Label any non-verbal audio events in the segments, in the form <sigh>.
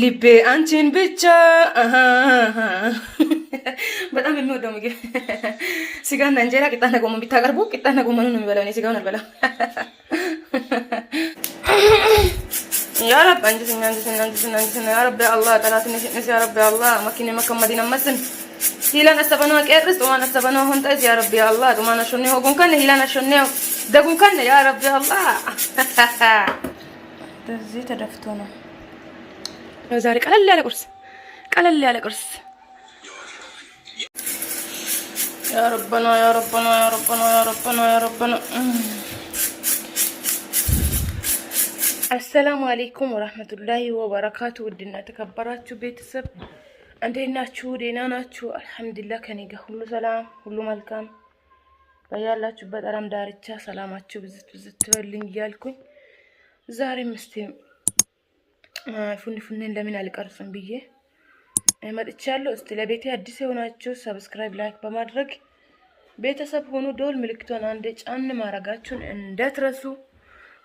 ልቤ አንቺን ብቻ በጣም የሚወደው ምግብ ስጋና እንጀራ ቂጣና ጎመን ቢታቀርቡ ቂጣና ጎመኑ ነው የሚበላው። እኔ ስጋውን አልበላም። ያረብ አንጅስና አንጅስና አንጅስና አንጅስና ያረብ አላህ ጠላት ነሽ ያረብ አላህ መኪና መከም መዲና መስን ሂላን አስተበኖ ቀርስ ጡማን አስተበኖ ሁንጠስ ያረብ አላህ ጡማን አሽኔ ሆጉን ሂላን አሽኔ ደጉን ከነ ያረብ አላህ በዚህ ተደፍቶ ነው። ዛሬ ቀለል ያለ ቁርስ ቀለል ያለ ቁርስ። ያ ረበና ያ ረበና ያ ረበና ያ ረበና ያ ረበና። አሰላሙ አሌይኩም ወራህመቱላሂ ወበረካቱ። ውድና ተከበራችሁ ቤተሰብ እንዴት ናችሁ? ደህና ናችሁ? አልሐምዱሊላህ ከኔ ጋር ሁሉ ሰላም፣ ሁሉ መልካም። በያላችሁበት አለም ዳርቻ ሰላማችሁ ብዝት ብዝት ትበልኝ እያልኩኝ ዛሬም እስቲ ፉንፉኔን ለምን አልቀርጽም ብዬ መጥቻለሁ። እስቲ ለቤቴ አዲስ የሆናችሁ ሰብስክራይብ፣ ላይክ በማድረግ ቤተሰብ ሆኑ። ደወል ምልክቷን አንዴ ጫን ማድረጋችሁን እንደትረሱ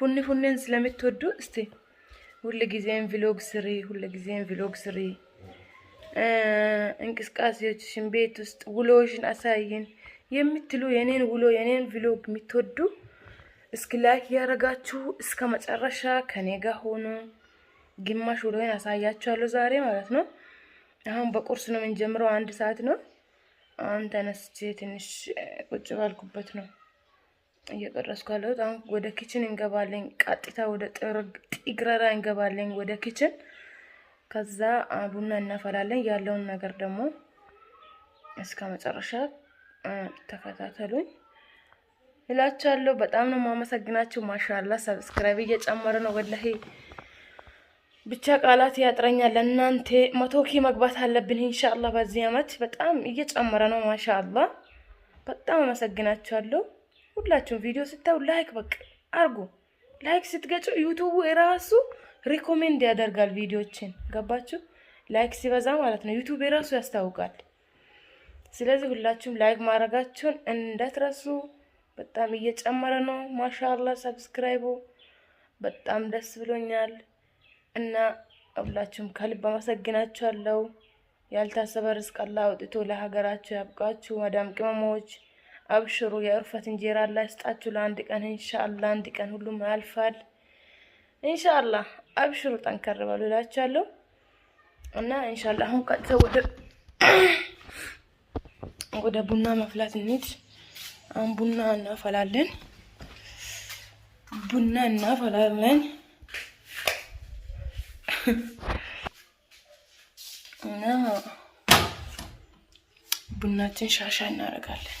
ፉንፉኔን ስለምትወዱ እስቲ ሁል ጊዜም ቪሎግ ስሪ፣ ሁሉ ጊዜም ቪሎግ ስሪ፣ እንቅስቃሴዎችሽን፣ ቤት ውስጥ ውሎሽን አሳይን የምትሉ የኔን ውሎ የኔን ቪሎግ የምትወዱ እስኪ ላይክ ያደረጋችሁ እስከ መጨረሻ ከኔ ጋር ሆኖ ግማሽ ውሎዬን አሳያችኋለሁ ዛሬ ማለት ነው። አሁን በቁርስ ነው የምንጀምረው። አንድ ሰዓት ነው። አሁን ተነስቼ ትንሽ ቁጭ ባልኩበት ነው እየቀረስኩ ያለሁት። አሁን ወደ ኪችን እንገባለኝ ቀጥታ ወደ ጥግረራ እንገባለኝ ወደ ኪችን። ከዛ ቡና እናፈላለን። ያለውን ነገር ደግሞ እስከ መጨረሻ ተከታተሉኝ። እላችኋለሁ። በጣም ነው የማመሰግናችሁ። ማሻላ ሰብስክራይብ እየጨመረ ነው። ወላሂ ብቻ ቃላት ያጥረኛል። እናንተ መቶ ኪ መግባት አለብን ኢንሻአላ በዚህ አመት። በጣም እየጨመረ ነው ማሻአላ። በጣም አመሰግናችኋለሁ። ሁላችሁም ቪዲዮ ስታዩ ላይክ በቃ አርጉ። ላይክ ስትገጩ ዩቱቡ የራሱ ሪኮሜንድ ያደርጋል ቪዲዮችን። ገባችሁ? ላይክ ሲበዛ ማለት ነው ዩቱብ የራሱ ያስታውቃል። ስለዚህ ሁላችሁም ላይክ ማድረጋችሁን እንዳትረሱ። በጣም እየጨመረ ነው። ማሻላ ሰብስክራይቡ በጣም ደስ ብሎኛል እና አብላችሁም ከልብ አመሰግናችኋለሁ። ያልታሰበ ርዝቅ አላህ አውጥቶ ለሀገራችሁ ያብቃችሁ። ማዳም ቅመሞች አብሽሩ፣ የእርፈት እንጀራ አላህ ይስጣችሁ። ለአንድ ቀን እንሻአላ፣ አንድ ቀን ሁሉም ያልፋል እንሻአላ። አብሽሩ፣ ጠንከር በሉ እላችኋለሁ እና እንሻላ አሁን ቀጥታ <coughs> ወደ ቡና መፍላት እንሂድ። አሁን ቡና እናፈላለን። ቡና እናፈላለን እና ቡናችን ሻሻ እናደርጋለን።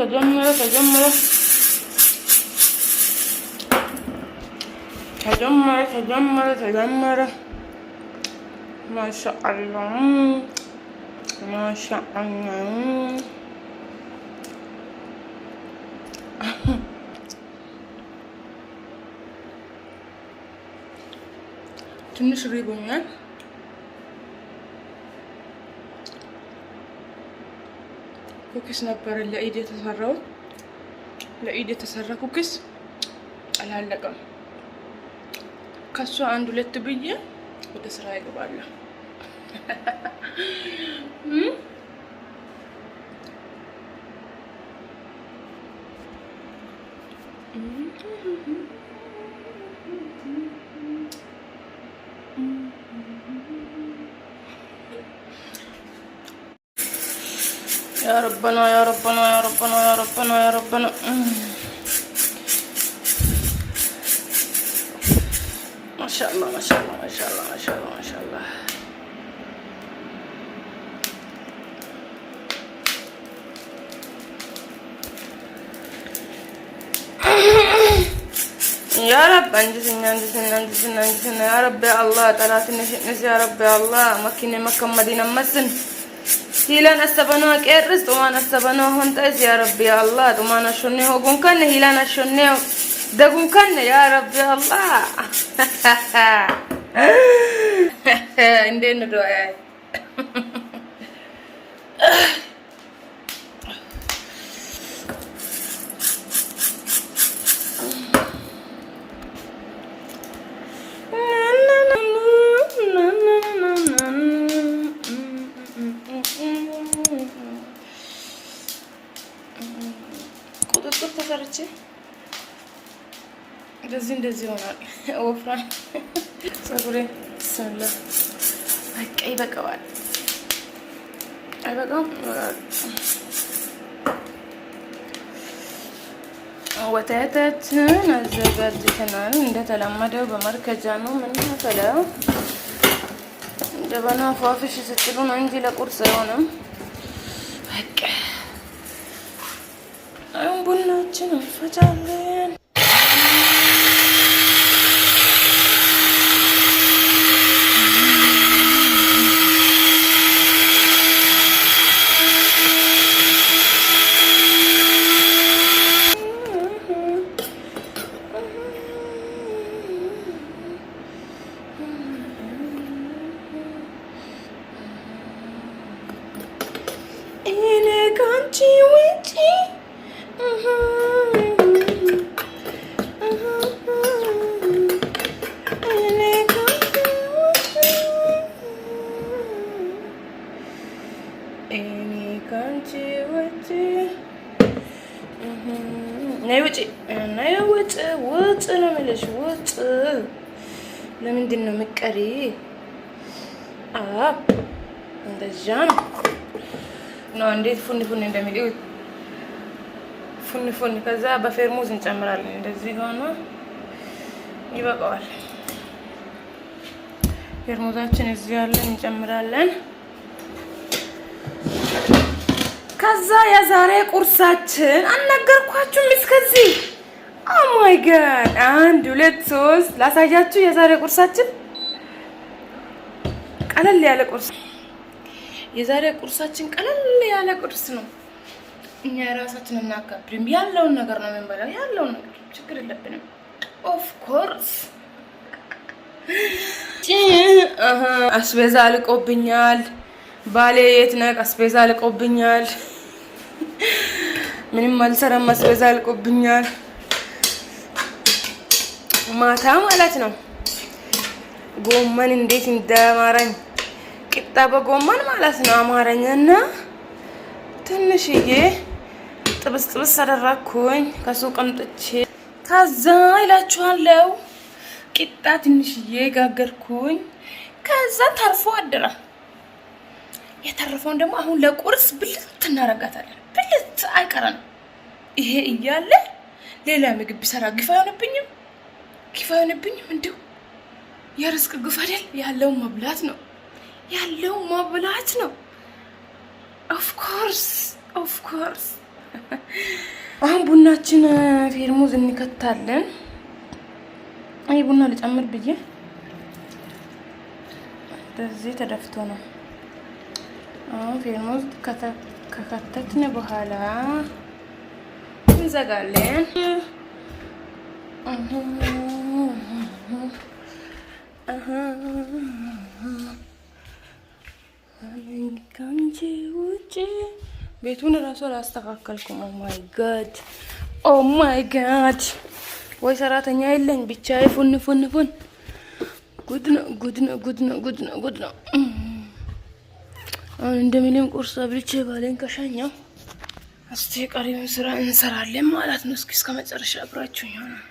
ተጀመረ ተጀመረ ተጀመረ ተጀመረ ተጀመረ። ማሻአላህ ማሻአላህ ትንሽ ሪቦኛል። ኩኪስ ነበረ ለኢድ የተሰራው። ለኢድ የተሰራ ኩኪስ አላለቀም። ከሷ አንድ ሁለት ብዬ ወደ ስራ ይገባለሁ <laughs> يا ربنا يا ربنا يا ربنا يا ربنا يا ربنا ما شاء الله ما شاء الله ما شاء الله ما شاء الله ما شاء الله يا رب انجزنا انجزنا انجزنا انجزنا يا رب يا الله ثلاث نشئ يا رب يا الله مكني مكة مدينة مسن hiilaan assabanoo qeerris dhumaan assabanoo hundaas yaa rabbi allah dhumaan ashonne hoguun kanne hiilaan ashonne daguun kanne yaa rabbi allah እንዴት ነው ቁጥጥር ተሰርቼ እንደዚህ እንደዚህ ይሆናል። ወፍራም ፀጉሬ ስለ በቃ ይበቀዋል አይበቃም። ወተታችንን አዘጋጅተናል። እንደተለመደው በመርከጃ ነው የምናፈላው። ጀበና ፏፍሽ ስትሉ ነው እንጂ ለቁርስ አይሆንም። በቃ I don't put nothing off for ውጥ ውጥ ነው የሚለሽ። ውጥ ለምንድን ነው የምትቀሪ? እንደዛ ነው ነው። እንዴት ፉኒ ፉኒ እንደሚል ፉኒ ፉኒ። ከዛ በፌርሙዝ እንጨምራለን። እንደዚህ ሆኖ ይበቃዋል። ፌርሙዛችን እዚህ ያለን እንጨምራለን። ከዛ የዛሬ ቁርሳችን አልነገርኳችሁም እስከዚህ ማይ oh ጋድ አንድ ሁለት ሶስት ላሳያችሁ። የዛሬ ቁርሳችን ቀለል ያለ ቁርስ የዛሬ ቁርሳችን ቀለል ያለ ቁርስ ነው። እኛ የራሳችን እናካብድም ያለውን ነገር ነው የምንበላው። ያለውን ነገር ችግር የለብንም። ኦፍ ኮርስ አስቤዛ አልቆብኛል። ባሌ የት ነህ? አስቤዛ አልቆብኛል። ምንም አልሰራም። አስቤዛ አልቆብኛል። ማታ ማለት ነው። ጎመን እንዴት እንደአማረኝ ቂጣ በጎመን ማለት ነው አማረኝ ትንሽዬ ጥብስ ጥብስ አደረኩኝ ከሱቅ አምጥቼ። ከዛ ይላችኋለሁ ቂጣ ትንሽዬ ጋገርኩኝ። ከዛ ተርፎ አደረ። የተረፈውን ደግሞ አሁን ለቁርስ ብልት እናረጋታለን። ብልት አይቀረንም። ይሄ እያለ ሌላ ምግብ ቢሰራ ግፋ አይሆንብኝም። ኪፋ አይሆንብኝም። እንዲሁ የርስቅ ግፍ አይደል ያለው መብላት ነው ያለው መብላት ነው። ኦፍኮርስ ኦፍኮርስ። አሁን ቡናችን ፌርሙዝ እንከታለን። አይ ቡና ልጨምር ብዬ በዚህ ተደፍቶ ነው። አሁን ፌርሙዝ ከከተትን በኋላ እንዘጋለን። ከአንቺ ውጭ ቤቱን እራሱ አላስተካከልኩም። ኦ ማይ ጋድ ኦ ማይ ጋድ! ወይ ሰራተኛ የለኝ ብቻ ፉን ፉን ፉን። ጉድ ነው ጉድ ነው ጉድ ነው ጉድ ነው ጉድ ነው። አሁን እንደምንም ቁርስ አብልቼ ባሌን ከሻኛው እስቲ ቀሪውን ስራ እንሰራለን ማለት ነው። እስኪ እስከ መጨረሻ አብራችሁ ይሆናል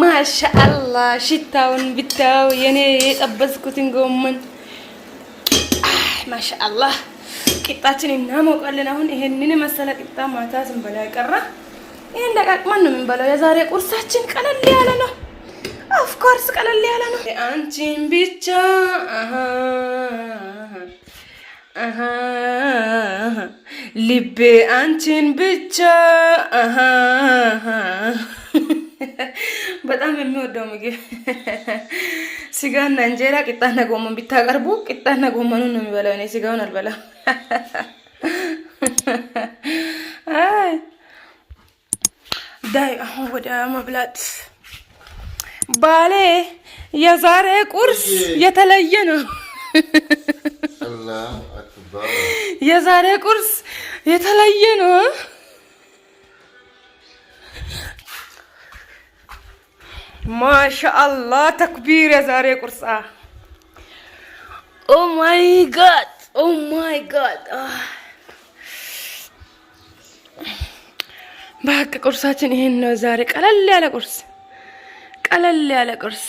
ማሻአላ ሽታውን ብታው የኔ የጠበስኩትን ጎመን ማሻአላ ቂጣችን እናሞቃለን። አሁን ይሄንን መሰለ ቂጣ ማታ ስንበላ ቀረ። ይሄን ደቃቅማን ነው የምንበላው። የዛሬ ቁርሳችን ቀለል ያለ ነው። ኦፍኮርስ ቀለል ያለ ነው። አንቺን ብቻ ልቤ አንቺን ብቻ በጣም የሚወደው ምግብ ስጋና እንጀራ፣ ቂጣና ጎመን ቢታቀርቡ ቂጣና ጎመኑን ነው የሚበላው። እኔ ስጋውን አልበላም። አይ ዳይ አሁን ወደ መብላት ባሌ የዛሬ ቁርስ የተለየ ነው። የዛሬ ቁርስ የተለየ ነው። ማሻአላ ተክቢር። የዛሬ ቁርሳ ኦ ማይ ጋድ ኦ ማይ ጋድ። በቃ ቁርሳችን ይሄን ነው ዛሬ። ቀለል ያለ ቁርስ፣ ቀለል ያለ ቁርስ